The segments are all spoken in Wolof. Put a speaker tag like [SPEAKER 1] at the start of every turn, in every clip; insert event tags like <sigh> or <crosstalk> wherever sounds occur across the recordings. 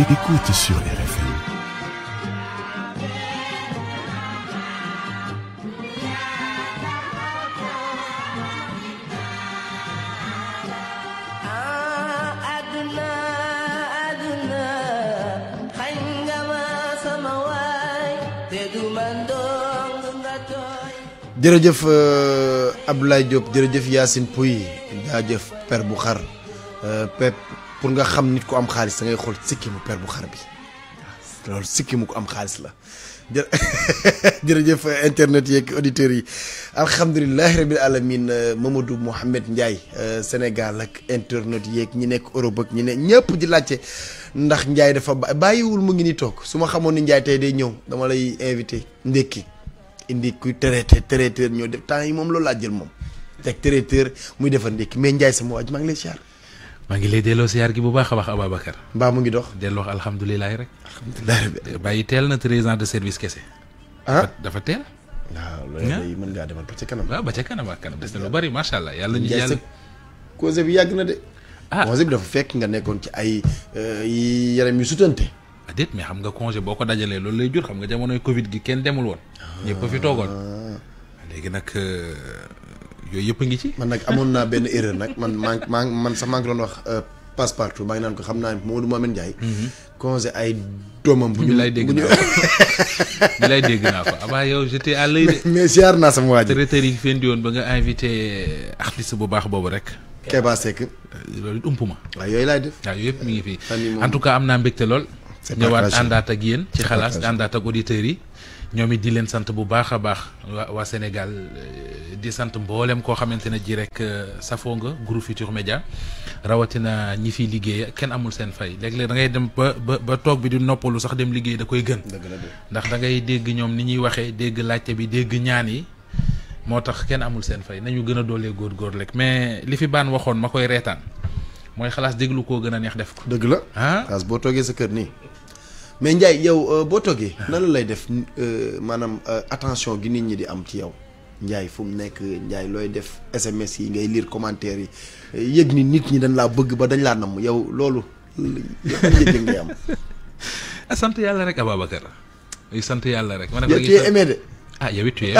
[SPEAKER 1] Écoute sur RFM. Ah,
[SPEAKER 2] jërëjëf euh, Abdoulaye Diop jërëjëf Yacine Pouy jaajëf per bu xar euh, pep pour nga xam nit ko am xaalis da ngay xool sikkimu per bu xar bi loolu sikkimu ko am xaalis la jë <laughs> jërëjëf euh, internet yeeg auditeurs yi alhamdulilahi rabil alamin euh, Mamadou Mouhamed Ndiaye euh, Sénégal ak internet yeeg ñi nekk Europe ak ñi ne ñëpp di laajte ndax njaay dafa bàyyiwul mu ngi ni toog su ma xamoon ni Ndiaye tey day ñëw dama lay invité ndékki indi kuy traité traiteur ñoo def temps yi moom loolu laa jël moom teg traiteur muy defar ndékki mais Ndiaye sama waaj maa lay siyaar
[SPEAKER 3] maa ngi lay delloo siyaar gi bu baax a baax Ababacar. mbaa mu ngi dox delloo alhamdulilah rek. alhamdulilah bàyyi teel na treize ans de service kese.
[SPEAKER 2] ah dafa teel. waaw loolu ah? mën ngaa demal ba ca kanam. waaw
[SPEAKER 3] ba ca kanam ak kanam des na lu bari macha allah yàlla ñu yàlla
[SPEAKER 2] cause bi yàgg na de. ah cause bi dafa fekk nga nekkoon ci ay euh, yaram yu sutante.
[SPEAKER 3] Ah, déet mais xam nga congé boo ko dajalee loolu lay jur xam nga jamonoy Covid gi kenn demul
[SPEAKER 2] woon. Ah. ñëpp fi toogoon. léegi nag. Euh, yooyu yëpp a ngi ci. man nag amoon naa benn erreur nag man maa man sax maa ngi doon wax euh, passe partout maa ngi naan ko xam naa ne Maodo Mouhamed Ndiaye. Mhm. congé ay doomam. bu <laughs> ñu lay dégg naa ko dégg naa ko abaa yow
[SPEAKER 3] j'étais à l'œil mais ziar naa sama waa ji. traiteur yi di woon ba nga invité artiste bu baax boobu rek. Kéba Seck. Euh, loolu it umpu ma. waaw yooyu laay def. waaw yooyu yëpp mi ngi fi en tout cas am naa mbégte lool. ñëwaat àndaat ak yéen ci xalaas àndaat ak auditeurs yi. ñoom it di leen sant bu baax a baax waa waa Sénégal euh, di sant mbooleem koo xamante ne ji rek euh, sa fong groupe Futur Média rawatina ñi fiy liggéey kenn amul seen fay léeg-léeg da ngay dem ba ba ba toog bi noppalu sax dem liggéey da koy gën. ndax da ngay dégg ñoom ni ñuy waxee dégg laajte bi dégg ñaan yi moo tax kenn amul seen fay nañu gën a doolee góor
[SPEAKER 2] rek mais
[SPEAKER 3] li fi baan waxoon ma koy reetaan mooy xalaas déglu koo gën a neex def ko.
[SPEAKER 2] dëgg la ah xalaas boo toogee sa kër nii. mais Ndiaye yow euh, boo toggee nan lay def euh, maanaam euh, attention gi nit ñi di am ci yow njaay fu nekk njaay looy def SMS yi ngay liir commentaire yi yëg ni nit ñi dañ laa bëgg ba dañ laa namm yow loolu yëg
[SPEAKER 3] ngay am. <laughs> sant yàlla rek Ababacar sant yàlla rek. man de. ah yow it tu es <laughs>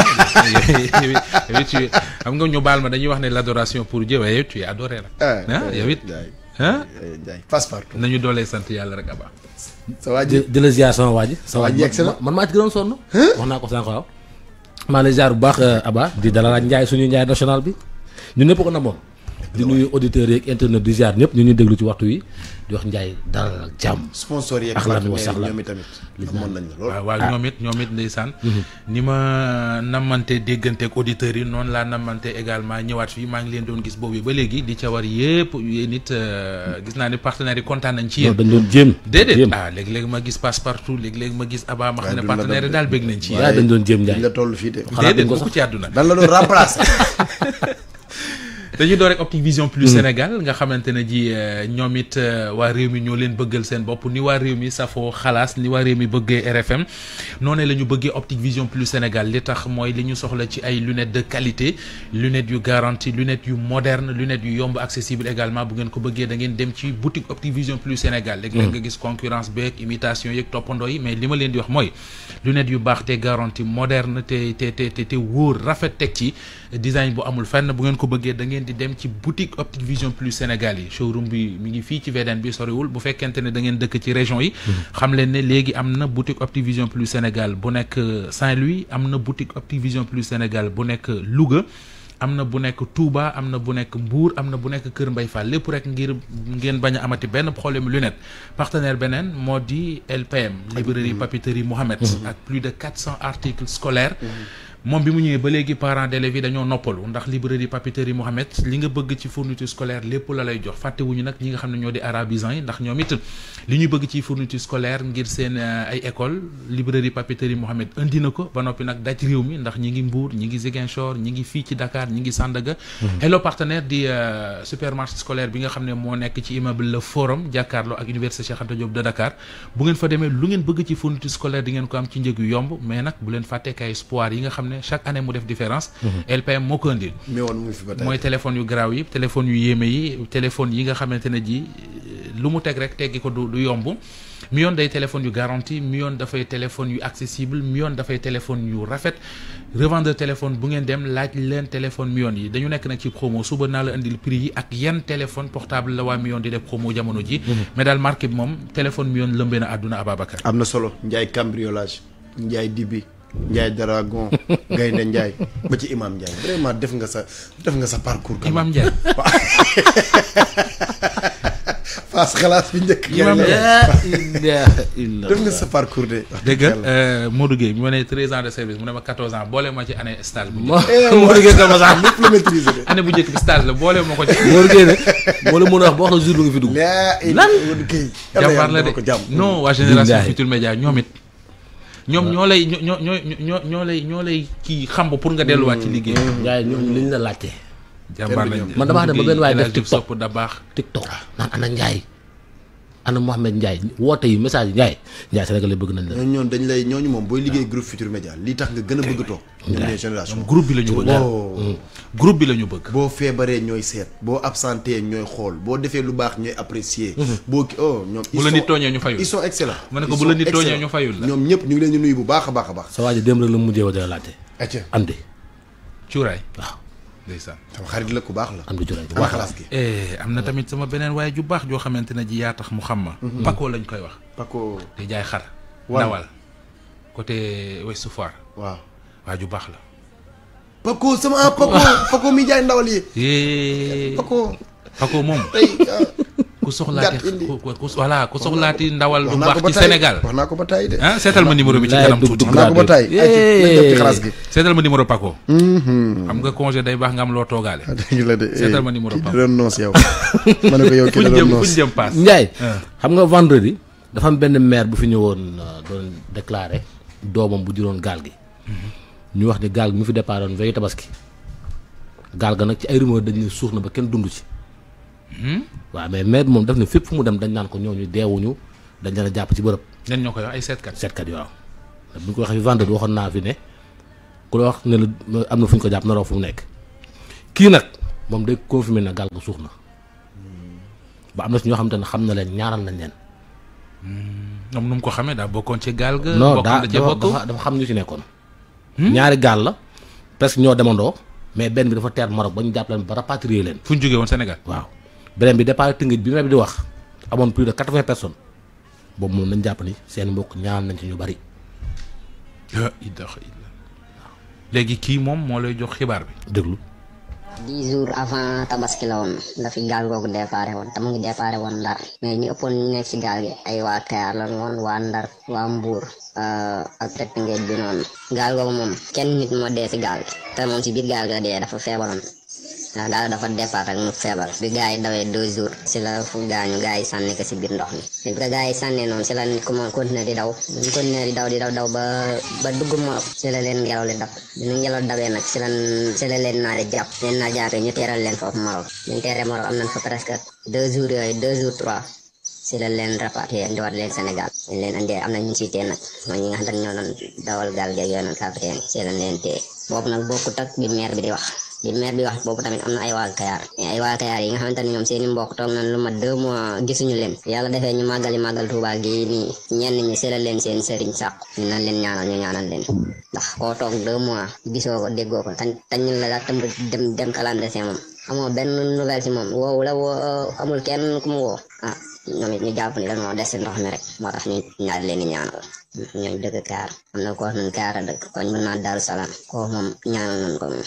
[SPEAKER 3] yow it tu es xam nga ñu baal ma dañuy wax ne l'adoration pour Dieu waaye yow ah, ah, it tu it ah
[SPEAKER 2] Ndiaye passe-partout.
[SPEAKER 3] nañu doolee sant yàlla rek Aba. sa waa ji di la ziar sama waa ji. sa waa ji excellent man maa ci gënoon sonn. wax naa ko sànq waaw. maa lay ziar bu baax Aba di dalalaat Ndiaye suñu Ndiaye national bi ñun ñëpp ko namoon. di nuyu auditeurs yeeg internet du ziar ñëpp ñu ñuy déglu ci waxtu wi di wax Ndiaye dalal
[SPEAKER 2] ak jàmm. sponsor yeeg partenaires ñoom itamit amoon nañ la
[SPEAKER 3] lool. waa waaw ñoom it ñoom it ndeysaan. Mhm. ni ma namante déggante ak auditeurs yi noonu laa namante également ñëwaat fii maa ngi leen doon gis boobu ba léegi di ca war yëpp yéen euh, gis naa ne partenaires yi kontaan nañ ci yéen. dañ doon jéem déedéet ah léeg-léeg ma gis passe partout léeg-léeg ma gis Abba ma xam ne partenaires yi daal bég nañ ci yéen. dañ doon jëm Ndiaye. dañ la fii de. xalaat ko sax déedéet ku ci dañuy door rek Optic Vision Plus hmm. Sénégal nga xamante ne ji euh, ñoom it euh, waa réew mi ñoo leen bëggal seen bopp ni waa réew mi safoo xalaas ni waa réew mi bëggee RFM noonee la ñu bëggee Optic Vision Plus Sénégal li tax mooy li ñu soxla ci ay lunettes de qualité lunettes yu garantie lunettes yu moderne lunettes yu yomb accessible également bu ngeen ko bëggee da ngeen dem ci boutique Optic Vision Plus Sénégal léeg-léeg hmm. nga gis concurrence beeg imitation yeeg toppandoo yi mais li di wax mooy lunettes yu baax te garantie moderne te te te rafet teg ci design bu amul fenn bu ngeen ko bëggee da ngeen di dem ci boutique Optic Vision Plus Sénégal yi showroom bi mi ngi fii ci VDN bi soriwul bu fekkente ne da ngeen dëkk ci région yi mhm. xam leen ne léegi am na boutique Optic Vision Plus Sénégal bu nekk euh, Saint-Louis am na boutique Optic Vision Plus Sénégal bu nekk euh, Louga am na bu nekk Touba am na bu nekk Mbour am na bu nekk Kër Mbay Fall lépp rek ngir ngeen bañ amati benn problème lunette partenaire beneen moo di LPM librairie papeterie Mohamed mhm. ak plus de quatre cents articles scolaires mhm. moom bi mu ñëwee ba léegi parents d'élèves yi dañoo noppalu ndax librairie papeterie Mohamed li nga bëgg ci fourniture scolaire lépp la lay jox fàttewuñu nag ñi nga xam ne ñoo di arabisants yi ndax ñoom it li ñu bëgg ci euh, indi na ko ba noppi nag daj mi ndax ñi ngi Mbour ñi ngi Ziguinchor ñi ngi fii ci Dakar ñi ngi Sandaga mhm. hello partenaire di euh, supermarché scolaire bi nga xam ne moo nekk ci immeuble le forum jàkkaarloo ak université Cheikh de Dakar bu ngeen fa demee lu ngeen bëgg ci fourniture scolaire di ngeen ko ne chaque année mu def différence. LPM mhm. moo ko indil. mooy téléphone yu garaaw yi téléphone yu yéeme yi téléphone yi nga xamante ne ji euh, lu mu teg rek teggi ko du yomb. mi yoon day téléphone yu garantie mi yoon dafay téléphone yu accessible mi yoon dafay téléphone yu rafet revendeur téléphone bu ngeen dem laaj leen téléphone mi yoon yi dañu nekk nag ci promo suba naa la indil prix yi ak yan téléphone portable la waa mi yoon di def promo jamono ji mhm. mais daal marque bi moom téléphone mi yoon lëmbee
[SPEAKER 2] am na solo njaay cambriolage Ndiaye Dragon Gaynde Ndiaye ba ci Imaam Ndiaye def nga sa def nga sa parcours. Imaam Ndiaye waaw. <laughs> Fass xalaas bi njëkk. Imaam Ndiaye def nga sa parcours de. dëgg yàlla
[SPEAKER 3] euh, Modou Gueye bi ans de service mu ne ma quatorze ans boole ma ci année stage bu njëkk. bi stage la boole ma ko ci. Modou Gueye nag moo la wax ba wax la jour bi nga fi dugg. lan jàmbaar la de non waa génération Futur Média ñoom ñoom ñoo lay ñoo ñoo ñoo ñoo lay ñoo lay kii xam xamb pour nga delluwaat ci liggéey. gars mm-hmm. mm-hmm. yi ñoom la laajte. jàmbaar lañ man damaa xam ne ba benn waaye def TikTok da baax TikTok naan ana Ndiaye. ana Mouhamed Ndiaye woote yi message yi Ndiaye Ndiaye Sénégalais bëgg nañ la.
[SPEAKER 2] ñooñu dañ lay ñooñu moom booy liggéey groupe Futur Média lii tax nga gën a bëgg toog. les génération groupe bi la ñu bëgg. Mm. groupe bi la ñu bëgg. boo feebaree ñooy seet boo absenté ñooy xool boo defee lu baax ñooy apprécier. Mm-hmm. boo ki oh ñoom. bu la nit tooñee
[SPEAKER 3] ñu fayul ils sont excellents. ma ne ko bu la nit tooñee ñu
[SPEAKER 2] fayul la ñoom ñëpp ñu leen di nuyu bu baax a baax
[SPEAKER 3] a mu mujjee wa dara laajte. andi
[SPEAKER 2] cuuraay ndeysaan sama xarit la ko baax
[SPEAKER 3] la. am na julaay bu baax la eh, am na tamit sama beneen waaye ju baax joo xamante ne ji yaa tax mu xam ma. Mhm. Paco lañ koy wax. Paco te jaay xar. nawal côté Ouest Foire. waaw waa ju baax la.
[SPEAKER 2] Paco sama ah Paco <laughs> Paco mi jaay ndawal yi. Eh. Paco. Paco moom ah. ku soxlaati
[SPEAKER 3] voilà ku soxlaati ndawal lu baax ci Sénégal wax naa ko ba tey de ah seetal ma numéro bi ci kanam tuuti wax naa ko ba tey ci xalaas gi seetal ma numéro Paco xam mm-hmm. nga congé day baax nga am loo toogaale ah, dëgg la de <laughs> seetal ma eh, numéro Paco doon noos yow
[SPEAKER 2] ma ne ko yow <laughs> ki doon noos fuñ jëm paas Ndiaye ah.
[SPEAKER 3] xam nga vendredi dafa am benn maire bu fi ñëwoon euh, doon déclaré doomam bu juróon gaal gi mm-hmm. ñu wax ni gaal gi mu fi départoon veille tabaski gaal ga nag ci ay rumeur dañ ne suux na ba kenn dund ci Hmm? waaw mais maire moom daf ne fépp fu mu dem dañ naan ko ñooñu deewuñu dañ leen a jàpp ci bërëb. ñan ñoo koy ay seetkat. seetkat yi ñu ko waxee vendredi waxoon naa fi ne ku la wax ne la am na fu ñu ko jàpp naroo fu mu nekk kii nag moom day confirmé na gaal suux na hmm. ba am na si ñoo xamante ne xam na leen ñaaral nañ leen. Hmm. ñoom nu mu ko xamee daa bokkoon ci gaal ga. non daa dafa xam ñu si nekkoon. ñaari gaal la presque ñoo demandoo mais benn bi dafa teer Maroc ba ñu jàpp leen ba rapatrier leen. fu ñu jógee woon Sénégal waaw. beneen bi départ Tëngéej bi nawet bi di wax amoon plus de quatre-vingts personnes boobu moom nañ jàpp ni seen mbokk ñaan nañ ci ñu bari. waaw léegi kii moom moo lay jox xibaar bi. déglu.
[SPEAKER 4] dix jours avant tabaski la woon la fi gaal googu déparé woon te mu ngi déparé woon ndar mais ñu ëppoon ñu nekk ci gaal gi ay waa Kayaar la woon waa ndar waa Mbour euh, ak tëkk ngeen bi noonu gaal googu moom kenn nit moo dee ci gaal gi te moom ci biir gaal gi la dee dafa feebaroon. waa daal dafa départ rek mu feebar bi gars yi dawee deux jours si la fu gaañu gars yi sànni ko si biir ndox mi bi ko yi sànnee noonu si la nit ku moom continuer di daw buñ ba ba dugg Maroc si la leen ngelaw li dab dina ngelaw dabee nag si la si la leen naari jàpp leen naa jàppee ñu teeral leen foofu Maroc ñu teeree Maroc am nañ fa presque deux jours yooyu deux jours trois si la leen rapatrié indiwaat leen ñu am na ñu ciy tee nag mooy nga xam dawal gaal geeg yooyu noonu capitaine si la leen tee boobu nag bokkut ak bi maire bi di wax li maire bi wax boobu tamit am na ay waa Kayar ay waa Kayar yi nga xamante ni ñoom seeni mbokk toog nañ lu mat deux gisuñu leen yàlla defee ñu màggali màggal Tuuba gi nii ñenn ñi seelal leen seen sëriñ sàqu ñu nañ leen ñaanal ñu ñaanal leen ndax koo toog deux mois gisoo ko déggoo ko la daa tëmb dem dem calendrier moom amoo benn nouvelle ci moom kenn mu woo ah ñoom it ñu jàpp ni dañoo des mi rek moo tax ñu ñaar leen di ñaanal ñooñu dëkk Kayar am na koo xam ne a dëkk kon mën naa Daaru Salaam koo moom ñaanal nañ ko moom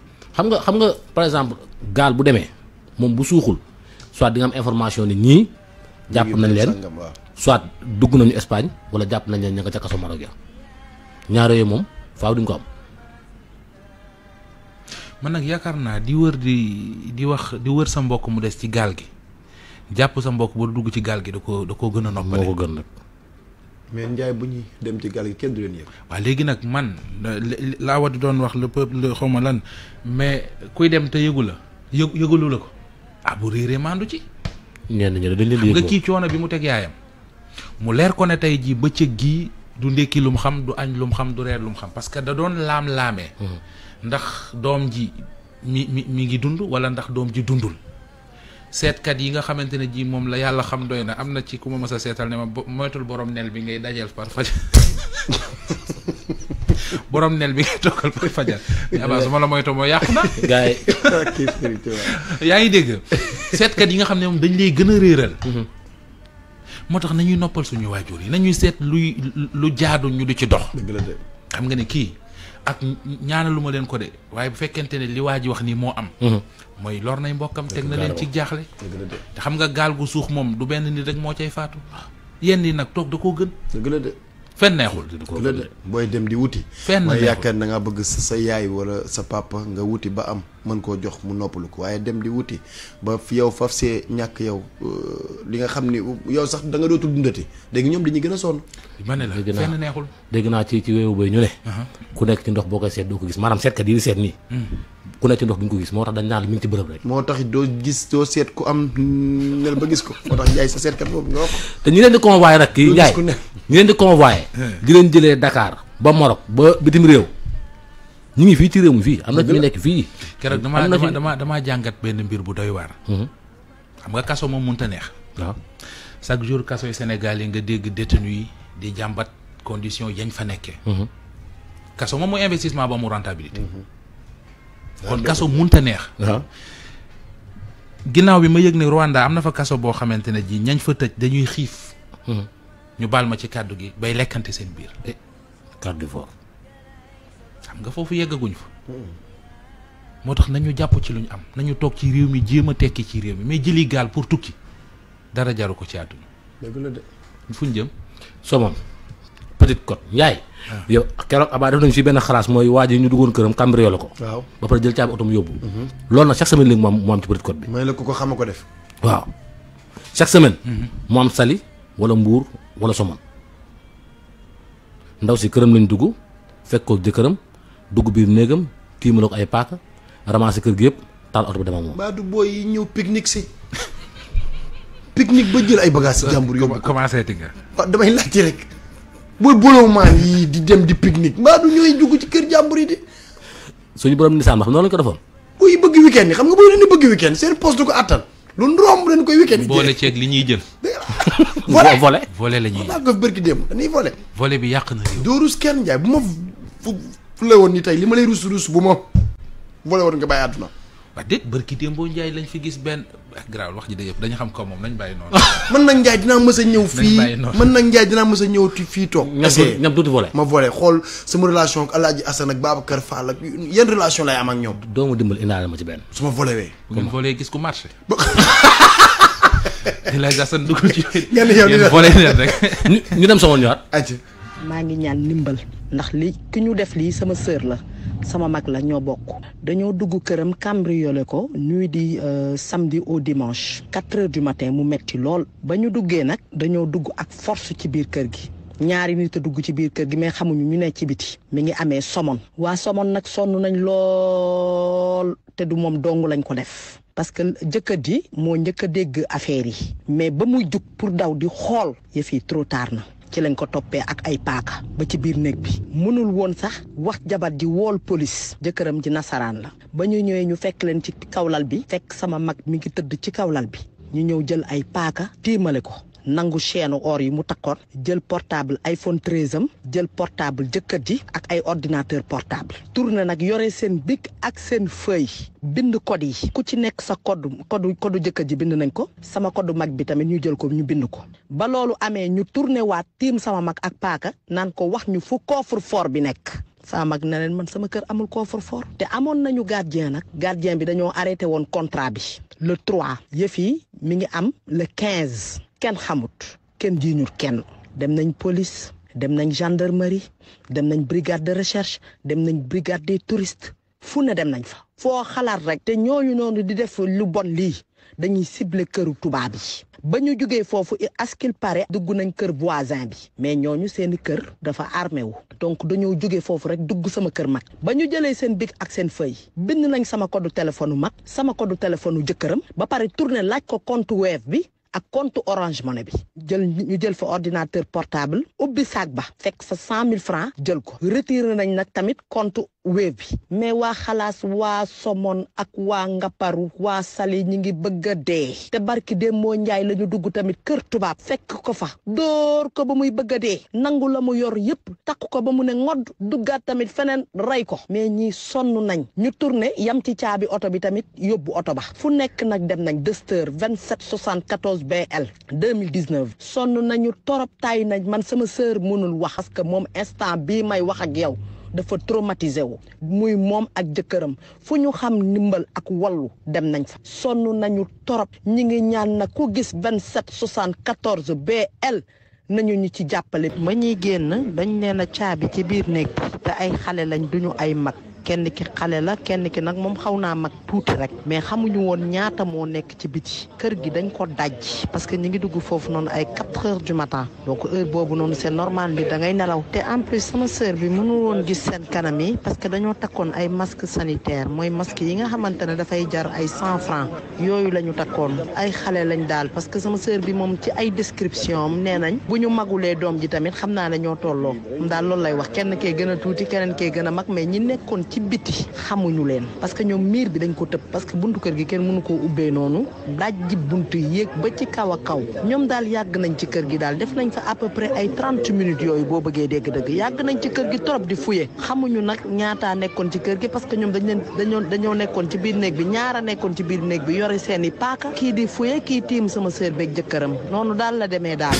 [SPEAKER 2] xam nga xam nga par exemple gaal bu demee
[SPEAKER 3] moom bu suuxul soit di am information ni ñii jàpp nañ leen soit dugg nañu Espagne wala jàpp nañ leen ña nga ca kaso Maroc ya ñaar moom faaw duñ ko am. mën nag yaakaar naa di wër di di wax di wër sa mbokk mu des ci gaal gi jàpp sa mbokk ba dugg ci gaal gi da ko da koo gën a noppale moo ko gën nag.
[SPEAKER 2] mais Ndiaye bu ñuy dem ci gaal gi kenn du leen yëg.
[SPEAKER 3] waa léegi nag man laa war di doon wax le peuple xaw ma lan mais kuy dem te yëgu la yëg yëgalu la ko ah bu réeree maandu ci.
[SPEAKER 2] ñenn ñi dañ leen yëg nga kii
[SPEAKER 3] coono bi mu teg yaayam mu leer ko ne tey jii bëccëg gii du ndékki lu mu xam du añ lum xam du reer lum xam parce que da doon laam-laamee. Mhm. ndax doom ji mi mi mi ngi dund wala ndax doom ji dundul. seetkat yi nga xamante ne jii moom la yàlla xam doy na am na ci ku ma mës a seetal ne ma moytul borom nel bi ngay dajal par fajar <laughs> borom nel bi ngay toogal par fajar mais abaa la moytoo moo yàqu na <laughs> yaa ngi dégg seetkat yi nga xam ne moom dañ lay gën a réeral mm-hmm. moo tax nañuy noppal suñu waajur yi nañuy seet luy lu jaadu ñu du ci dox xam nga ne kii ak ñaanalu ma leen ko de waaye bu fekkente ne li waa ji wax nii moo am. Mhm. mooy lor nay mbokkam teg na leen ci jaaxle. te xam nga gaal gu suux moom du benn nit rek moo cay faatu. yenn yi nag toog
[SPEAKER 2] da koo gën. dëgg la fenn neexul di ko booy dem di wuti fenn neexul yaakaar na nga bëgg sa yaay wala sa papa nga wuti ba am mën koo jox mu noppalu ko waaye dem di wuti ba yow faf see ñàkk yow euh, li nga xam ni yow sax danga nga dootul dundati léegi ñoom dañuy gën a sonn
[SPEAKER 3] ma ne la fenn neexul dégg naa ci ci wéewu bay ñu ne ku nekk ci ndox boo koy seet doo ko gis maanaam seetkat yi di seet nii hmm. ku ne ci ndox bi nga ko gis moo tax dañ naan mi ngi ci bërëb
[SPEAKER 2] rek moo tax doo gis doo seet ku am nel ba gis ko moo tax Ndiaye sa seetkat boobu nga wax
[SPEAKER 3] te ñi leen di convoyé nag kii Ndiaye ñi leen di convoyé eh. di jëlee Dakar ba Maroc ba bitim réew ñu ngi fii ci réew mi fii am na fi nekk fii keroog dama dama damaa jàngat benn mbir bu doy waar mhm. xam nga kaso moom mënta neex waaw chaque jour kaso yi Sénégal yi nga dégg détenu yi di jàmbat condition yañ fa nekkee mhm. kaso moom mooy investissement mu rentabilité mhm. kon ah, kaso munta neex ah. ginnaaw bi ma yëg ne Rwanda am na fa kaso boo xamante ne ji ñañ fa tëj dañuy xiif hmm. ñu baal ma ci kàddu gi bay lekkante seen biir eh, kàddu nga foofu yeggaguñ fa hmm. moo tax nañu jàpp ci lu ñu am nañu toog ci réew mi jéem a tekki ci réew mi mais jëli gaal pour tukki dara jaru ko ci
[SPEAKER 2] àdduna dëgg
[SPEAKER 3] fu ñu jëm somam Petite Côte Ndiaye. Ah. yow keroog abaa def nañu fi benn xalaas mooy waa ji ñu duggoon këram cambriolé ko. waaw ba pare jël caabi otom yóbbu. Mhm. loolu nag chaque semaine léegi moom moo am ci Petite Côte
[SPEAKER 2] bi. may la ku ko xam ko def.
[SPEAKER 3] waaw chaque semaine. moo mhm. sali Saly wala Mbour wala Somone ndaw si këram lañ dugg fekk ko jëkkëram dugg biir néegam tiimaloo ko ay paaka ramassé kër gi yëpp taal oto bi dem ak moom.
[SPEAKER 2] baadu booy yi ñëw pique si. <laughs> pique ba jël ay bagages si jàmbur booy bolowmaan yii di dem di pique-nique mbaa du ñooy dugg ci kër jàmbur yi di. suñu borom ni sàmm xam noonu lañ ko defoon. buy bëgg weekend yi xam nga booy leen bëgg weekend seen poste du ko attan lu romb dañ koy weekend. boole
[SPEAKER 3] ceeg li ñuy jël. volé volé volé la ñuy jël ko bërki démb dañuy bi yàq na
[SPEAKER 2] yow. doo rus kenn njaay bu ma fu la woon ni tey li ma lay rus rus bu ma volé woon nga bàyyi àdduna. waa
[SPEAKER 3] déet bërki démb boo njaay lañ fi gis benn graaw wax ji de yëpp dañu xam ko moom nañ bàyyi noonu.
[SPEAKER 2] Ah, mën nag Ndiaye dinaa mës a ñëw fii mën nag Ndiaye dinaa mës a ñëw fii toog. essayé ñam duuti volé. ma volé xool sama relation ak El Hadj Assane ak Babacar Fall ak yan relation lay am ak ñoom. doomu ma dimbali indaale ma ci benn. su ma volé wee. bu ngeen
[SPEAKER 3] volé gis ku marché.
[SPEAKER 2] El Hadj Assane dugg ci.
[SPEAKER 3] ngeen yow dina volé leen rek.
[SPEAKER 2] <laughs> ñu dem sama ñëwaat.
[SPEAKER 1] maa ngi ñaan ndimbal ndax li ki ñu def lii sama sœur la. sama mag la ñoo bokk dañoo dugg këram cambriolé ko nuy di euh, samedi au dimanche quatre heures du matin mu metti lool ba ñu duggee nag dañoo dugg ak force ci biir kër gi ñaari nit a dugg ci biir kër gi mais xamuñu ñu ne ci biti mi ngi amee somon waa somon nag sonn nañ lool te du moom dong lañ ko def parce que jëkkër ji moo njëkk a dégg affaire yi mais ba muy jug pour daw di xool yëf yi trop tard na ci lañ ko toppee ak ay paaka ba ci biir néeg bi mënul woon sax wax jabar ji wool police jëkkëram ji nasaraan la ba ñu ñëwee ñu fekk leen ci kawlal bi fekk sama mag mi ngi tëdd ci kawlal bi ñu ñëw jël ay paaka tiimale ko nangu chaîne or yi mu takkoon jël portable iPhone 13 am jël portable jëkkër ji ak ay ordinateur portable tourné nag yore seen bic ak seen feuille bind code yi ku ci nekk sa code code code jëkkër ji bind nañ ko sama code mag bi tamit ñu jël ko ñu bind ko ba loolu amee ñu tourné waat tiim sama mag ak paaka naan ko wax ñu fu coffre foor bi nekk sama mag neleen man sama kër amul coffre-fort te amoon nañu gardien nag gardien bi dañoo arrêté woon contrat bi le 3 yëf yi mi ngi am le 15 kenn xamut kenn jiiñul kenn dem nañ police dem nañ gendarmerie dem nañ brigade de recherche dem nañ brigade des touristes fu ne dem nañ fa. foo xalaat rek te ñooñu noonu di def lu bon lii dañuy cibler këru tubaab yi. ba ñu jugee foofu askil pare dugg nañ kër voisin bi mais ñooñu seen kër dafa armé wu donc dañoo jógee foofu rek dugg sama kër mag ba ñu jëlee seen bic ak seen feuille bind nañ sama code téléphone mag sama code téléphone jëkkëram ba pare tourné laaj ko compte Wave bi ak compte orange money bi jël ñu jël fa ordinateur portable ubbi saag ba fekk sa cent mille francs jël ko retiré nañ nag tamit compte wéb bi mais waa xalaas waa somon ak waa ngapparu waa sali ñi ngi bëgg a dee te barki dem moo njaay la ñu dugg tamit kër tubaab fekk ko fa dóor ko ba muy bëgga dee nangu la mu yor yëpp takk ko ba mu ne ngodd duggaat tamit feneen rey ko mais ñi sonn nañ ñu tourné yam ci caabi oto bi tamit yóbbu oto ba fu nekk nag dem nañ Duster 27 74 BL 2019 sonn nañu torop tay nañ man sama sœur mënul wax parce que moom instant bii may wax ak yow dafa traumatisé wu muy moom ak jëkkëram fu ñu xam ndimbal ak wallu dem nañ fa sonn nañu torop ñi ngi ñaan na ku gis 27 74 BL nañu ñu ci jàppale. ma ñuy génn dañ neena caabi ci biir néeg te ay xale lañ duñu ay mag. kenn ki xale la kenn ki nag moom xaw naa mag tuuti rek mais xamuñu woon ñaata moo nekk ci biti kër gi dañ ko daj parce que ñu ngi dugg foofu noonu ay quatre heures du matin ko heure boobu noonu seen normal bi da ngay nelaw te en plus sama sœur bi mënu woon gis seen kanam yi parce que dañoo takkoon ay masque sanitaire mooy masque yi nga xamante ne dafay jar ay cent francs yooyu la ñu takkoon ay xale lañ daal parce que sama sœur bi moom ci ay description am nee nañ bu ñu magulee doom ji tamit xam naa ne ñoo tolloo daal loolu lay wax kenn kee gën a tuuti keneen kee gën a mag ci biti xamuñu leen parce que ñoom miir bi dañ ko tëb parce que buntu kër gi kenn mënu koo ubbee noonu daaj ji buntu yéeg ba ci kaw a kaw ñoom daal yàgg nañ ci kër gi daal def nañ fa à peu ay trente minutes yooyu boo bëggee dëgg yàgg nañ ci kër gi trop di fuye xamuñu nag ñaataa nekkoon ci kër gi parce que ñoom dañ leen dañoo dañoo nekkoon ci biir néeg bi ñaara nekkoon ci biir néeg bi yore seen i kii di fuye kii tiim sama sœur beeg jëkkëram noonu daal la demee daal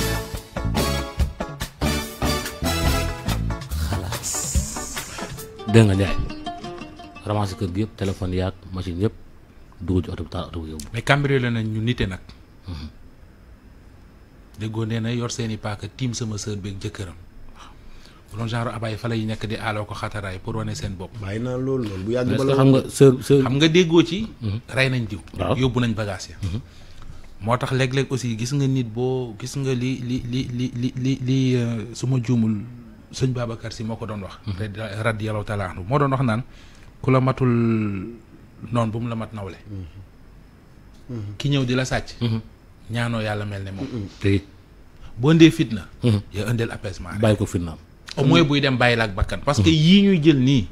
[SPEAKER 3] dégg ramassé kër gi yëpp téléphone yaag machine yëpp dugg ci oto bi taal oto bi yóbbu. mais cambriolé nañ ñu nite nag. Mhm. déggoo nee na yor seeni i paaka tiim sama sœur beeg jëkkëram. loolu genre abay fa lay nekk di aaloo ko xataraay pour wane seen bopp. bàyyi naa loolu loolu bu yàgg ba la xam nga sœur sœur nga déggoo ci. Mhm. rey nañ jiw. yóbbu nañ bagage ya mhm. moo tax léeg-léeg aussi gis nga nit boo gis nga li li li li li li li euh, su ma juumul sëñ Babacar si moo ko doon wax. radiyallahu taala anhu ku la matul noonu bu mu la mat nawle mm-hmm. ki ñëw di la sàcc mm-hmm. ñaanoo yàlla mel ne moom mm-hmm. boo ndee fitna yaa indeel apaisement bàyyi ko fitnaam au moins buy dem bàyyi la ak bakkan parce que yii ñuy jël nii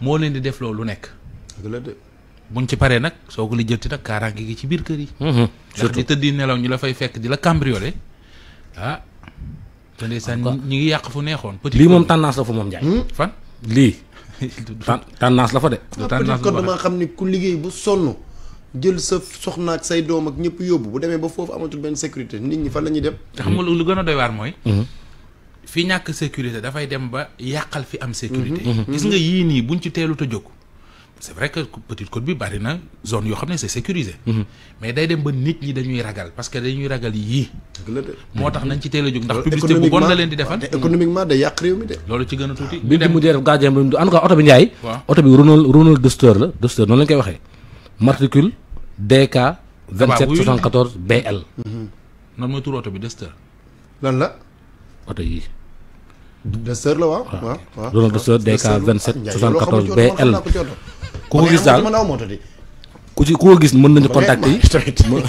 [SPEAKER 3] moo leen di def lu nekk buñ ci paree nag soo ko li jëlti nag kaaraange gi ci biir kër yi ndax di tëddi nelaw ñu la fay fekk di la cambrioler ah te ndeysaan ñu
[SPEAKER 2] ngi yàq fu neexoon petit
[SPEAKER 3] lii moom tendance fu moom Ndiaye hmm? fan lii <laughs> tendance la fa de. Ah, tendance kon damaa
[SPEAKER 2] xam ni ku liggéey bu sonn jël sa soxna ak say doom ak ñëpp yóbbu bu demee ba foofu amatul benn sécurité nit ñi fan la ñuy dem. te xam
[SPEAKER 3] nga lu gën a doy waar mooy. Mhm. fi ñàkk sécurité dafay dem ba yàqal fi am sécurité. Mhm. gis nga yii nii buñ ci teelut a jóg. c'est vrai que petite côte bi bari na zone yoo xam ne c'est sécurisé. Mhm. mais day dem ba nit ñi dañuy ragal parce que dañuy ragal yii. moo tax nañ ci teel a jóg ndax. publicité bu bon la leen di defal
[SPEAKER 2] économiquement day yàq de. loolu ci gën a tuuti. bi mu mujjee
[SPEAKER 3] def gardien bi en tout cas oto bi Ndiaye. oto bi Renault Renault Duster la Duster noonu la koy waxee. matricule DK. 27 74 BL. noonu oto bi Duster. lan
[SPEAKER 2] la. oto yii. Duster la ah,
[SPEAKER 3] ah, BL. ku ko gis daal man aw moto di ku ci ku ko gis mën nañu contacter yi <laughs> tamit
[SPEAKER 2] <laughs>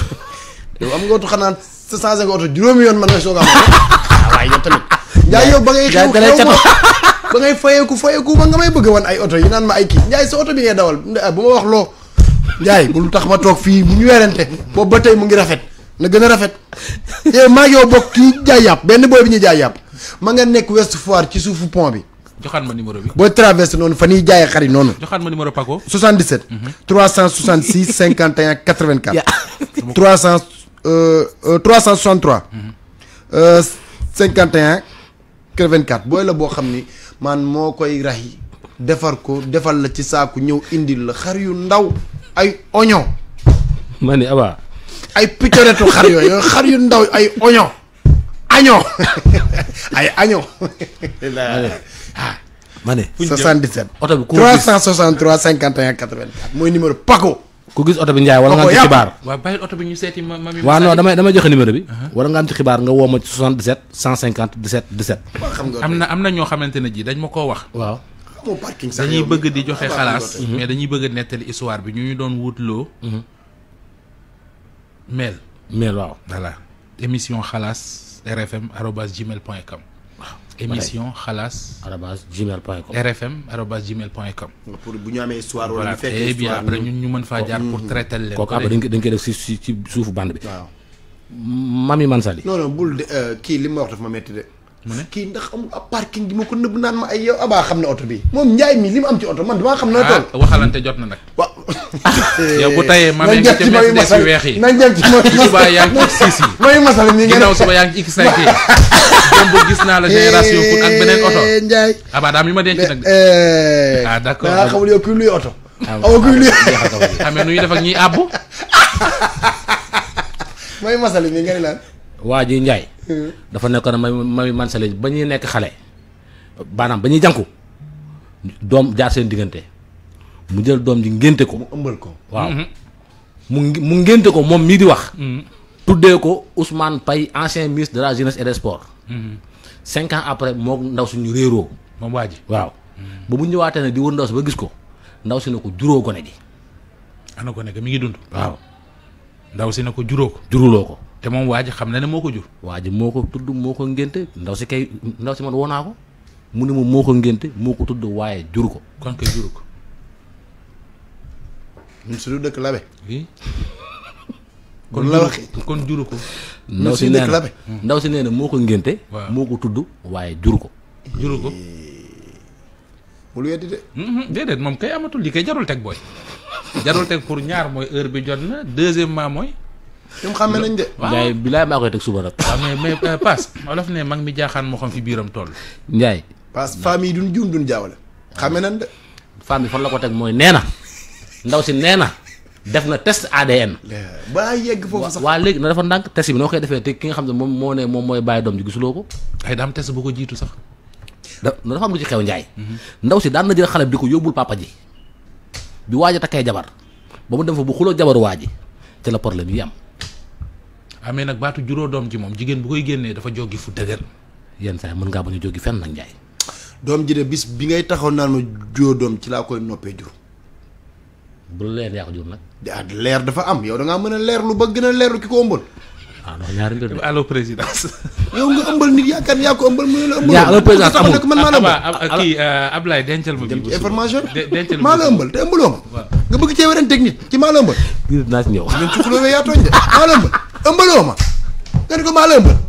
[SPEAKER 2] yow am nga oto xanaa sa changé nga oto juróomi yoon man nga soog a am <laughs> ah, waaye yow tamit njaay yow ba ngay xew xew ma ba ngay fayeeku fayeeku ma nga may bëgg wan ay oto yi naan ma ay kii njaay sa oto bi ngay dawal bu ma wax loo njaay bul tax ma toog fii mu ñu werante boobu ba tey mu ngi rafet na gën a rafet yow maa yow bokk kii jaay yàpp benn booy bi ñuy jaay yàpp ma nga nekk Ouest Foire ci suufu pont bi
[SPEAKER 3] joxaat ma numéro bi.
[SPEAKER 2] boo traversé noonu fa ñuy jaayee xar yi noonu. joxaat ma numéro Paco. 77. 366 51 84. 300 363. 51 84 booy la boo xam ni man moo koy raxi defar ko defal la ci saaku ñëw indil la xar yu ndaw ay oignon. ay piccoretu xar yooyu xar yu ndaw ay oignon. año <laughs> ay año. ah ma ne 77. oto bi ku ko gis 363 51 84 mooy numéro Paco. ku oto bi Ndiaye wala nga am ci xibaar.
[SPEAKER 3] waaw bàyyi oto bi ñu seeti ma ma. waaw non damay damay joxe numéro bi. Uh-huh. wala nga am ci xibaar nga woo ma ci 77 150 17 17. waaw xam nga am na am na ñoo xamante ne ji dañ ma koo wax. waaw. dañuy bëgg di joxe xalaas. mais dañuy bëgg nettali histoire bi ñu ñu doon wutloo. Uh-huh. mail. mail voilà émission xalaas rfm arobas gmail point com. émission xalaas. arobase gmail point com rfm arobase gmail point com.
[SPEAKER 2] pour bu ñu amee histoire wala bu fekkee histoire après ñun ñu mën faa jaar pour mm-hmm. traiter kooku après dañ koy dañ koy def si suufu bande bi. Mami Mansali. non non bul euh, kii li ma wax dafa ma métti de. mu ne kii ndax amul ab parking bi ma ko nëbb naan ma ay yow abaa xam ne oto bi moom njaay mi li mu am ci oto man damaa xam na tool
[SPEAKER 3] ah, waxalante jot na nag waaw <laughs> bu tayee mamee nga weex yi nañ jëm ci mooy subaa yaa ngi ci six yi mooy masal <laughs> gis naa la eh, génération pour ak beneen oto njaay abaa daam yi ma denc nag de eh, ah dangaa xamul
[SPEAKER 2] yow kuy luy oto
[SPEAKER 3] ah, aw kuy luy amee
[SPEAKER 2] ah, nu ñuy def àbb <laughs> mooy masal nii nga ne naan
[SPEAKER 3] waa ji njaay dafa nekkoon may may man sale ba ñuy nekk xale maanaam ba ñuy jànku doom jaar seen diggante mu jël doom ji ngénte ko. mu ëmbal ko waaw. Mhm. mu mu ngénte ko moom mii di wax. Mhm. tuddee ko Ousmane Paye ancien ministre de la jeunesse et des sports. Mhm. cinq ans après moo ndaw suñu réeroo. waaw. ba bu ñëwaatee ne di wër ndaw si ba gis ko ndaw si ne ko juróo gone gi. ana gone gi mi ngi dund. waaw ndaw si ne ko juróo ko. juruloo ko. te moom waa ji xam na ne moo ko jur. waa ji moo ko tudd moo ko ngénte ndaw si kay ndaw si man woo ko mu ne ma moo ko ngénte moo ko tudd waaye juru ko. kon kay juru ko. ñun suñu dëkk labe. <laughs> kon la wax ko. ndaw si hmm. ndaw si nee na moo ko ngénte. moo ko tudd waaye juru ko. juru ko. Eh, bul de. Hmm, moom kay amatul li kay jarul teg booy. jarul teg pour ñaar mooy heure bi jot na deuxièmement mooy. ñoom xam nañ de. waaw Ndiaye maa koy teg suba nag. waaw mais mais Paas olof ne mag mi jaaxaan moo
[SPEAKER 2] xam fi biiram toll. Ndiaye. Paas famille duñ juum duñ jaawale. xame nañ de. famille la ko teg mooy nee na ndaw si nee na def na test ADN. ba yegg
[SPEAKER 1] foofu sax.
[SPEAKER 3] waa léegi na defa ndànk test bi noo koy defee te ki nga xam ne moom moo ne moom mooy bàyyi doom ji gisuloo ko. ay daam test bu ko jiitu sax. da dafa am lu ci xew Ndiaye. ndaw si daan na jël xale bi di ko yóbbul papa ji. bi waaj a takkee jabar ba mu dem fa bu xuloo jabaru waa ji ci la problème yi am amee nag baatu juróo doom ji moom jigéen bu koy génnee dafa joggi fu dëgër yenn
[SPEAKER 2] saa mën ngaa bañ a joggi fenn nag njaay doom ji bis bi ngay taxaw naan ma juróo doom ci laa koy noppee jur
[SPEAKER 3] bu la leer yaa ko jur nag
[SPEAKER 2] ah leer dafa am yow da ngaa mën a leer lu ba gën a leerlu ki ko ëmbal
[SPEAKER 3] ah non ñaari mbir mi <laughs> allo présidence.
[SPEAKER 2] yow nga ëmbal nit yaakaar yaa ko ëmbal mu ne la ëmbal. yaa allo présidence amul man maa la ah,
[SPEAKER 3] ëmbal ah, ah, kii euh, Ablaye dencal ma bii.
[SPEAKER 2] information dencal maa la ëmbal te ëmbaloo ma. nga bëgg cee werante technique ci maa la ëmbal. maa la ëmbal. ëmbaloo ma nga ne ko maa la ëmbal